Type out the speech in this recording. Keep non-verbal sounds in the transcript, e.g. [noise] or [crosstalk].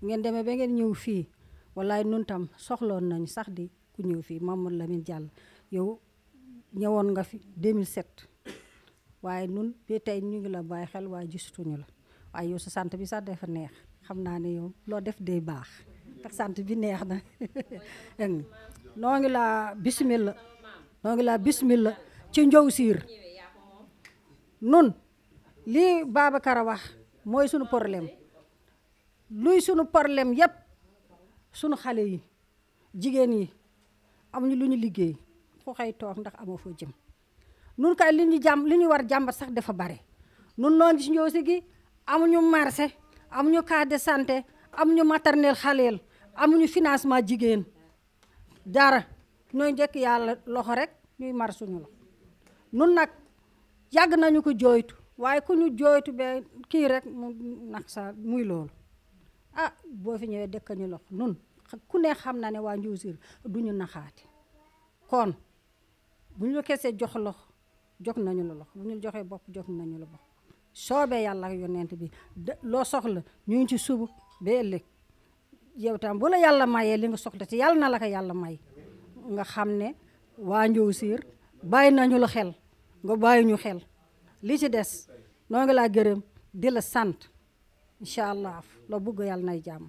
ngeen demee ba ngeen ñëw fii wallaay nun tam soxloon nañu sax di ku ñëw fii Mamadou Lamine Diallo yow ñëwoon nga fi 2007 waaye nun bi tey ñu ngi la bàyyi xel waaye gisatuñu la waaye yow sa sant bi sax dafa neex xam naa ne yow loo def day baax tax sant bi neex na [laughs] noo ngi laa bismilla noo ngi laa bismilla ci njow siir nun lii Babacar a mooy sunu problème luy sunu problème yépp sunu xale yi jigéen yi amuñu lu ñu liggéey ku xëy toog ndax amoo foo jëm nun kay li ñu jàmm li ñu war jàmbat sax dafa bare nun noon ci ñëw si gi amuñu marché amuñu case de santé amuñu maternelle xaleel amuñu financement jigéen dara ñooy njëkk yàlla loxo rek ñuy mar suñu la nun nag yàgg nañu ko jooytu waaye ku ñu jooytu ba kii rek mu nax sa muy loolu ah boo fi ñëwee dëkk ñu lox nun ku ne xam na ne waa Njuusir du ñu naxaati kon bu ñu la jox lox jox nañu la lox bu ñu joxee bopp jox nañu la bopp soobee yàlla ak yonent bi loo la ñu ngi ci subu ba ëllëg yow tam bu la yàlla mayee li nga soxla ci yàlla na la ko yàlla may nga xam ne waa Njuusir bàyyi nañu la xel nga bàyyi ñu xel li ci des noo ngi laa gërëm di la sant incha allah loo bëgg yàlla nay jàmm